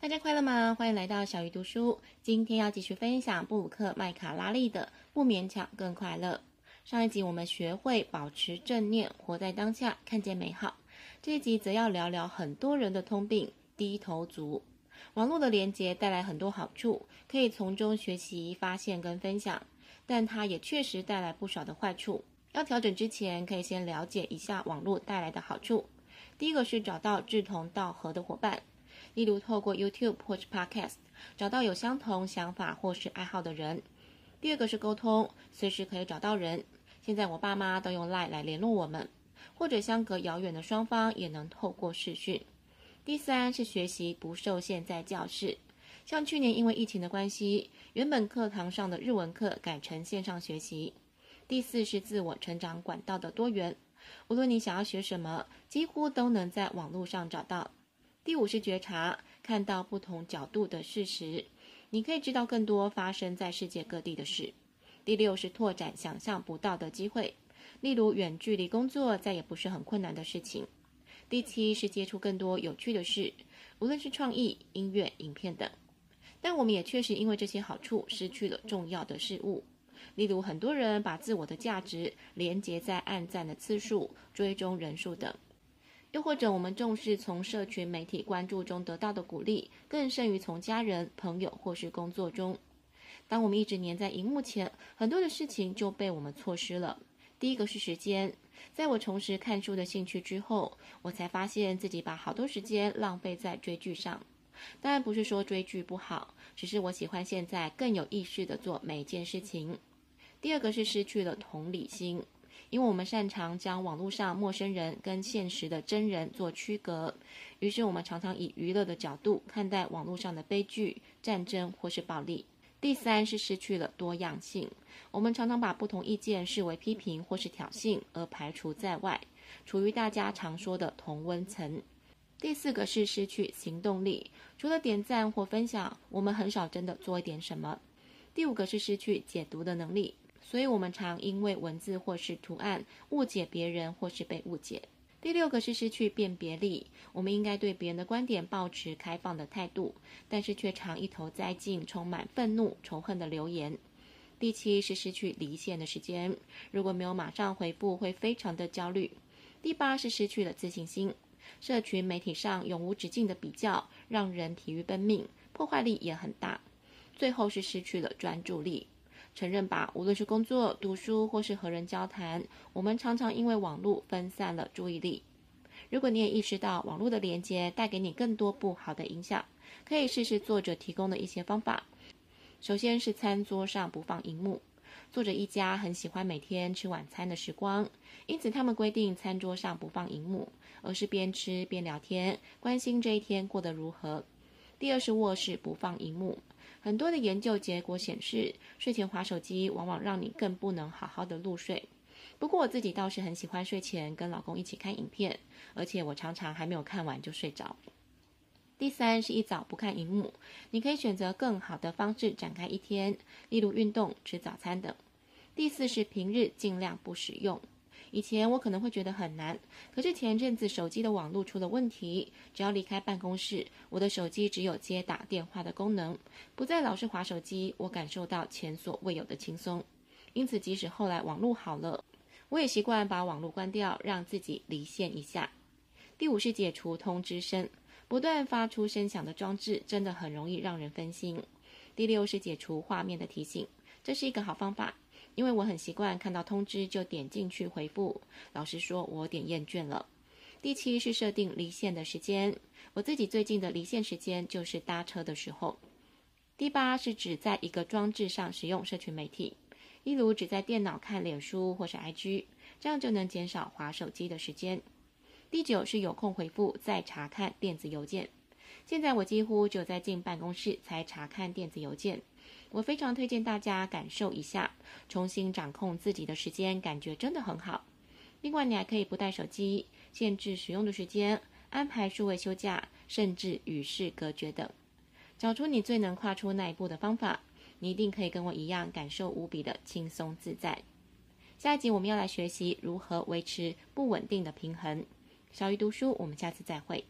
大家快樂嗎？歡迎來到小魚讀書。今天要繼續分享布魯克麥卡拉莉的《不勉強更快樂》。上一集我們學會保持正念，活在當下，看見美好。這一集則要聊聊很多人的通病——低頭族。網絡的連接帶來很多好處，可以從中學習、發現跟分享，但它也確實帶來不少的壞處。要調整之前，可以先了解一下網絡帶來的好處。第一個是找到志同道合的夥伴。例如，透過 YouTube 或者 Podcast 找到有相同想法或是愛好的人。第二個是溝通，隨時可以找到人。現在我爸媽都用 Line 來聯絡我們，或者相隔遙遠的雙方也能透過視訊。第三是學習不受限在教室，像去年因為疫情的關係，原本課堂上的日文課改成線上學習。第四是自我成長管道的多元，無論你想要學什麼，幾乎都能在網絡上找到。第五是覺察，看到不同角度的事實，你可以知道更多發生在世界各地的事。第六是拓展想象不到的機會，例如遠距離工作再也不是很困難的事情。第七是接觸更多有趣的事，無論是創意、音樂、影片等。但我們也確實因為這些好處失去了重要的事物，例如很多人把自我的價值連接在按讚的次數、追蹤人數等。又或者，我們重視從社群媒體關注中得到的鼓勵，更甚於從家人、朋友或是工作中。當我們一直黏在熒幕前，很多的事情就被我們錯失了。第一個是時間，在我重拾看書的興趣之後，我才發現自己把好多時間浪費在追劇上。當然不是說追劇不好，只是我喜歡現在更有意識地做每一件事情。第二個是失去了同理心。因為我們擅長將網絡上陌生人跟現實的真人做區隔，於是我們常常以娛樂的角度看待網絡上的悲劇、戰爭或是暴力。第三是失去了多樣性，我們常常把不同意見視為批評或是挑釁而排除在外，處於大家常說的同溫層。第四個是失去行動力，除了點贊或分享，我們很少真的做一點什麼。第五個是失去解讀的能力。所以，我們常因為文字或是圖案誤解別人，或是被誤解。第六個是失去辨別力，我們應該對別人的觀點保持開放的態度，但是卻常一頭栽進充滿憤怒、仇恨的留言。第七是失去離線的時間，如果沒有馬上回復，會非常的焦慮。第八是失去了自信心，社群媒體上永無止境的比較，讓人疲於奔命，破壞力也很大。最後是失去了專注力。承認吧，無論是工作、讀書，或是和人交談，我們常常因為網絡分散了注意力。如果你也意識到網絡的連接帶給你更多不好的影響，可以試試作者提供的一些方法。首先是餐桌上不放熒幕，作者一家很喜歡每天吃晚餐的時光，因此他們規定餐桌上不放熒幕，而是邊吃邊聊天，關心這一天過得如何。第二是臥室不放熒幕。很多的研究結果顯示，睡前滑手機往往讓你更不能好好的入睡。不過我自己倒是很喜歡睡前跟老公一起看影片，而且我常常還沒有看完就睡着。第三是一早不看熒幕，你可以選擇更好的方式展開一天，例如運動、吃早餐等。第四是平日盡量不使用。以前我可能會覺得很難，可是，前陣子手機的網絡出了問題，只要離開辦公室，我的手機只有接打電話的功能，不再老是滑手機，我感受到前所未有的輕鬆。因此，即使後來網絡好了，我也習慣把網絡關掉，讓自己離線一下。第五是解除通知聲，不斷發出聲響的裝置真的很容易讓人分心。第六是解除畫面的提醒，這是一個好方法。因為我很習慣看到通知就點進去回復，老實說，我有點厭倦了。第七是設定離線的時間，我自己最近的離線時間就是搭車的時候。第八是指在一個裝置上使用社群媒體，例如只在電腦看臉書或是 IG，這樣就能減少滑手機的時間。第九是有空回復再查看電子郵件。現在我幾乎只有在進辦公室才查看電子郵件。我非常推薦大家感受一下，重新掌控自己的時間，感覺真的很好。另外，你還可以不帶手機，限制使用的時間，安排數位休假，甚至與世隔絕等。找出你最能跨出那一步的方法，你一定可以跟我一樣感受無比的輕鬆自在。下一集我們要來學習如何維持不穩定的平衡。小魚讀書，我們下次再會。